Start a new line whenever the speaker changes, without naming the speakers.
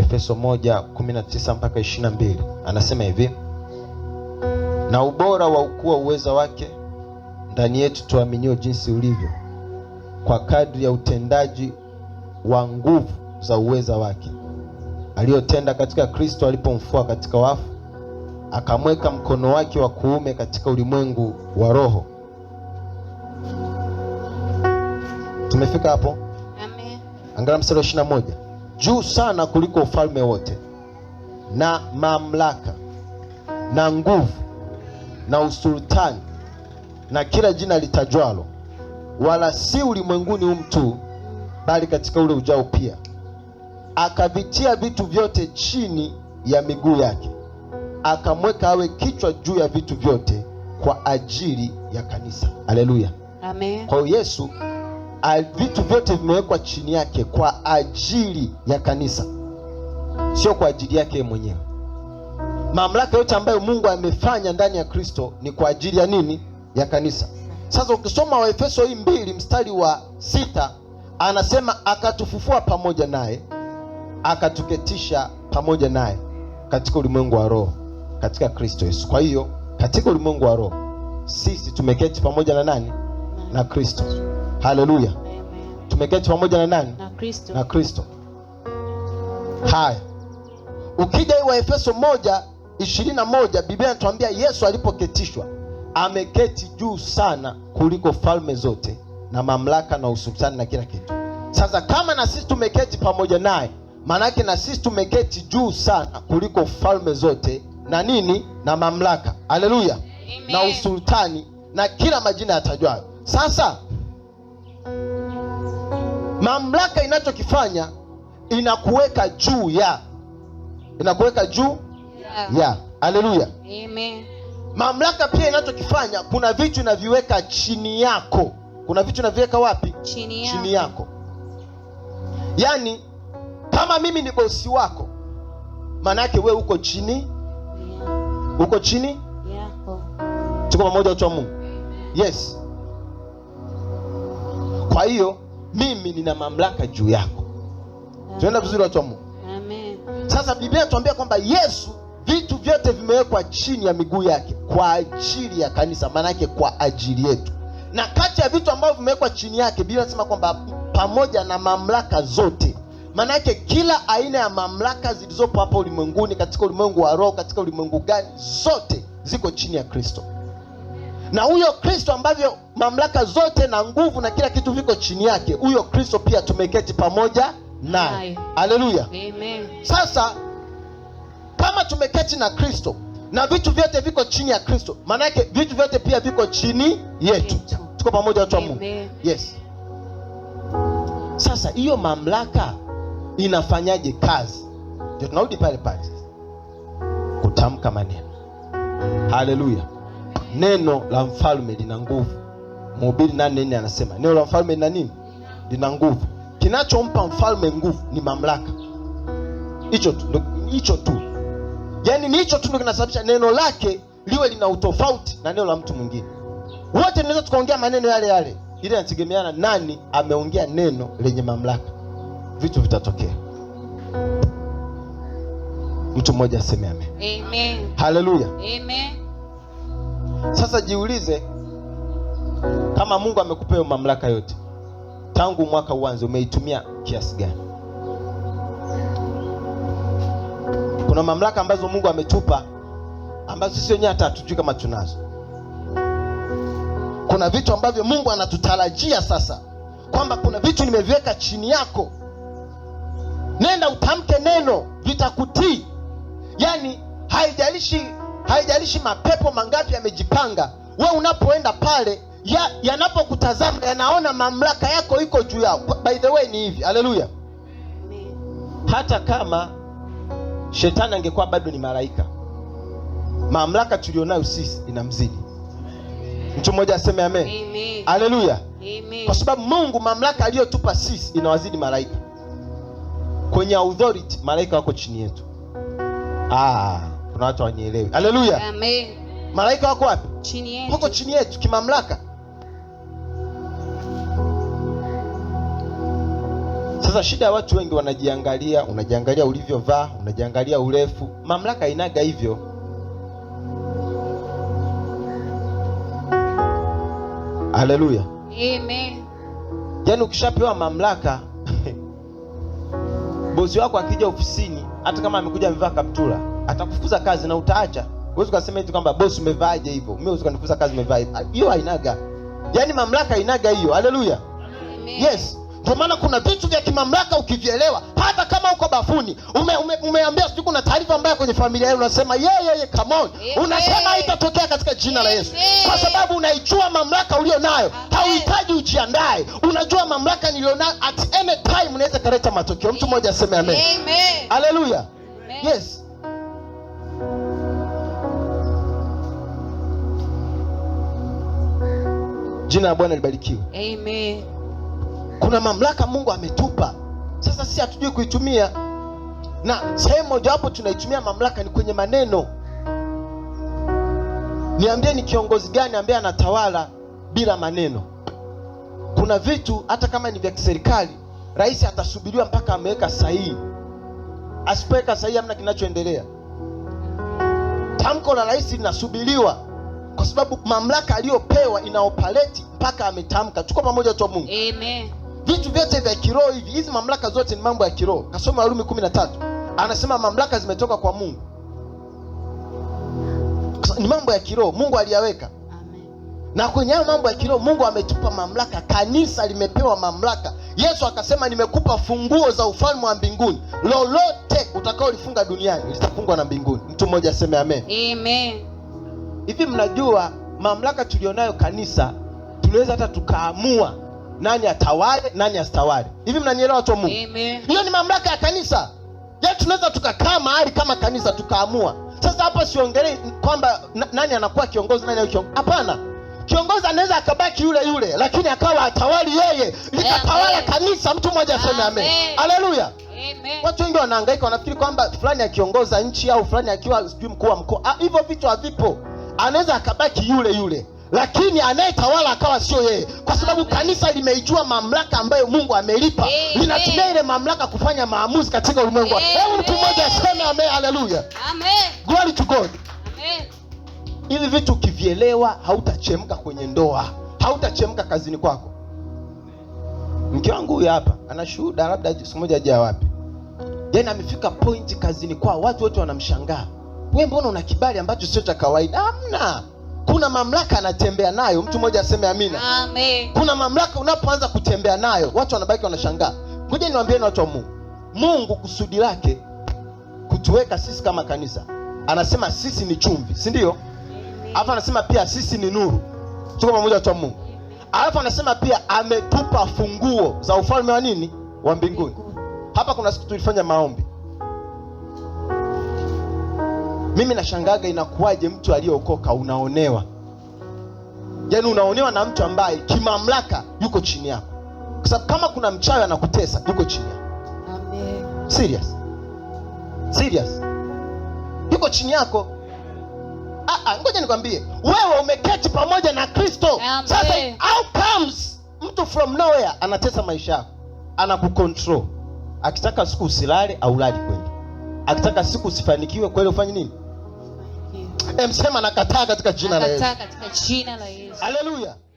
Waefeso 1:19 mpaka 22, anasema hivi: na ubora wa ukuu wa uweza wake ndani yetu tuaminio jinsi ulivyo, kwa kadri ya utendaji wa nguvu za uweza wake aliyotenda katika Kristo alipomfua katika wafu, akamweka mkono wake wa kuume katika ulimwengu wa roho. Tumefika hapo? Amen. Angalia mstari wa 21 juu sana kuliko ufalme wote na mamlaka na nguvu na usultani na kila jina litajwalo, wala si ulimwenguni huu tu, bali katika ule ujao pia. Akavitia vitu vyote chini ya miguu yake, akamweka awe kichwa juu ya vitu vyote kwa ajili ya kanisa. Haleluya, amen. Kwa Yesu vitu vyote vimewekwa chini yake kwa ajili ya kanisa, sio kwa ajili yake mwenyewe. Mamlaka yote ambayo Mungu amefanya ndani ya Kristo ni kwa ajili ya nini? Ya kanisa. Sasa ukisoma Waefeso hii mbili mstari wa sita anasema akatufufua pamoja naye, akatuketisha pamoja naye katika ulimwengu wa roho, katika Kristo Yesu. Kwa hiyo katika ulimwengu wa roho sisi tumeketi pamoja na nani? Na Kristo. Haleluya, tumeketi pamoja na nani? Na Kristo, na Kristo. Haya, ukija hii Waefeso moja ishirini na moja Biblia inatuambia Yesu alipoketishwa ameketi juu sana kuliko falme zote na mamlaka na usultani na kila kitu. Sasa kama na sisi tumeketi pamoja naye, maanake na sisi tumeketi juu sana kuliko falme zote na nini na mamlaka, haleluya, na usultani na kila majina yatajwayo. Sasa Mamlaka inachokifanya inakuweka juu ya, inakuweka juu ya. Haleluya, amen. Mamlaka pia inachokifanya, kuna vitu inaviweka chini yako. Kuna vitu inaviweka wapi? Chini yako, chini yako. Yaani kama mimi ni bosi wako, maana yake wewe uko chini, uko chini yako. Tuko pamoja, watu wa Mungu? Yes. Kwa hiyo mimi nina mamlaka juu yako. Tunaenda vizuri, watu wa Mungu? Sasa Biblia inatuambia kwamba Yesu vitu vyote vimewekwa chini ya miguu yake kwa ajili ya kanisa, maana yake kwa ajili yetu. Na kati ya vitu ambavyo vimewekwa chini yake, Biblia inasema kwamba pamoja na mamlaka zote, maana yake kila aina ya mamlaka zilizopo hapa ulimwenguni, katika ulimwengu wa roho, katika ulimwengu gani, zote ziko chini ya Kristo. Mm. na huyo Kristo ambavyo mamlaka zote na nguvu na kila kitu viko chini yake, huyo Kristo pia tumeketi pamoja naye. Haleluya! Sasa kama tumeketi na Kristo na vitu vyote viko chini ya Kristo, maana yake vitu vyote pia viko chini yetu. Tuko pamoja, watu wa Mungu? Yes. Sasa hiyo mamlaka inafanyaje kazi? Ndio tunarudi pale pale kutamka maneno. Haleluya! neno la mfalme lina nguvu. Mhubiri nane nne anasema neno la mfalme lina nini? Lina nguvu. Kinachompa mfalme nguvu ni mamlaka. Hicho tu, hicho tu, yaani ni hicho tu ndio kinasababisha neno lake liwe lina utofauti na neno la mtu mwingine. Wote tunaweza tukaongea maneno yale yale, ile inategemeana nani ameongea neno lenye mamlaka, vitu vitatokea. Mtu mmoja aseme amen. Amen. Haleluya.
Amen.
Sasa jiulize, kama Mungu amekupea mamlaka yote, tangu mwaka uanze umeitumia kiasi gani? Kuna mamlaka ambazo Mungu ametupa ambazo sisi wenyewe hata hatujui kama tunazo. Kuna vitu ambavyo Mungu anatutarajia sasa kwamba kuna vitu nimeviweka chini yako, nenda utamke neno, vitakutii. Yani haijalishi haijalishi mapepo mangapi yamejipanga, we unapoenda pale ya, yanapokutazama yanaona mamlaka yako iko juu yao. By the way, ni hivi haleluya. Hata kama shetani angekuwa bado ni malaika, mamlaka tulionayo sisi inamzidi. Mtu mmoja aseme amen, haleluya, kwa sababu Mungu mamlaka aliyotupa sisi inawazidi malaika. Kwenye authority malaika wako chini yetu. ah kuna watu hawanielewi. Haleluya, Malaika wako wapi? wako chini yetu kimamlaka. Sasa shida ya watu wengi wanajiangalia, unajiangalia ulivyovaa, unajiangalia urefu. Mamlaka inaga hivyo. Haleluya,
yani
Yaani ukishapewa mamlaka bosi wako akija ofisini, hata kama amekuja amevaa kaptula atakufukuza kazi na utaacha. Huwezi ukasema hivi kwamba boss, umevaaje hivyo, mimi huwezi kunifukuza kazi, umevaa ah, hivyo. Hiyo hainaga, yaani mamlaka inaga hiyo. Haleluya, yes. Ndio maana kuna vitu vya kimamlaka ukivielewa, hata kama uko bafuni ume, ume, umeambia sijui kuna taarifa mbaya kwenye familia yenu, unasema yeye yeah, yeah, yeah, come on, unasema haitatokea katika jina la Yesu, kwa sababu unaijua mamlaka ulio nayo, hauhitaji ujiandae, unajua mamlaka nilionayo, at any time unaweza kaleta matokeo. Mtu mmoja aseme amen, haleluya, yes. Jina la Bwana libarikiwe.
Amen.
Kuna mamlaka Mungu ametupa, sasa sisi hatujui kuitumia, na sehemu mojawapo tunaitumia mamlaka ni kwenye maneno. Niambie, ni kiongozi gani ambaye anatawala bila maneno? Kuna vitu hata kama ni vya kiserikali, rais atasubiriwa mpaka ameweka sahihi. Asipoweka sahihi, hamna kinachoendelea. Tamko la rais linasubiriwa kwa sababu mamlaka aliyopewa inaopaleti mpaka ametamka. Tuko pamoja tu Mungu,
amen.
Vitu vyote vya kiroho hivi, hizi mamlaka zote ni mambo ya kiroho. Kasoma Warumi 13 anasema mamlaka zimetoka kwa Mungu, ni mambo ya kiroho, Mungu aliyaweka na kwenye hayo mambo ya kiroho Mungu ametupa mamlaka, kanisa limepewa mamlaka. Yesu akasema nimekupa funguo za ufalme wa mbinguni, lolote utakaolifunga duniani litafungwa na mbinguni. Mtu mmoja aseme amen, amen. Hivi mnajua mamlaka tulionayo kanisa, tunaweza hata tukaamua nani atawale nani asitawale. Hivi mnanielewa watu wa Mungu? Hiyo ni mamlaka ya kanisa. Yaani tunaweza tukakaa mahali kama kanisa tukaamua. Sasa hapa siongelei kwamba nani anakuwa kiongozi nani kiongozi. Hapana. Kiongozi anaweza akabaki yule yule lakini akawa atawali yeye likatawala kanisa. Mtu mmoja aseme amen. Haleluya. Watu wengi wanahangaika, wanafikiri kwamba fulani akiongoza nchi au fulani akiwa sijui mkuu wa mkoa. Ah, hivyo vitu havipo anaweza akabaki yule yule, lakini anayetawala akawa sio yeye, kwa sababu kanisa limeijua mamlaka ambayo Mungu amelipa, linatumia ile mamlaka kufanya maamuzi katika ulimwengu. Hebu mtu mmoja aseme amen, haleluya, amen, glory to God, amen. Hivi vitu ukivielewa, hautachemka kwenye ndoa, hautachemka kazini kwako. Mke wangu huyu hapa ana shuhuda, labda siku moja aje wapi, yaani amefika pointi kazini kwao, watu wote wanamshangaa we mbona una kibali ambacho sio cha kawaida? Hamna, kuna mamlaka anatembea nayo. Mtu mmoja aseme amina. Amen. Kuna mamlaka unapoanza kutembea nayo, watu wanabaki wanashangaa. Ngoja niwaambieni watu wa Mungu, Mungu kusudi lake kutuweka sisi kama kanisa, anasema sisi ni chumvi, si ndio? Alafu anasema pia sisi ni nuru. Tuko pamoja watu wa Mungu. Alafu anasema pia ametupa funguo za ufalme wa nini, wa mbinguni. Hapa kuna siku tulifanya maombi mimi nashangaga inakuwaje mtu aliyeokoka unaonewa, yaani unaonewa na mtu ambaye kimamlaka yuko chini yako, kwa sababu kama kuna mchawi anakutesa yuko chini yako. Amen. Serious. Serious. Yuko chini yako. Ah, ah, ngoja nikwambie, wewe umeketi pamoja na Kristo. Sasa how comes mtu from nowhere anatesa maisha yako, anakukontrol akitaka siku usilale au lali kweli, akitaka siku usifanikiwe kweli, ufanye nini? emsema nakataa katika jina la Yesu. Hallelujah.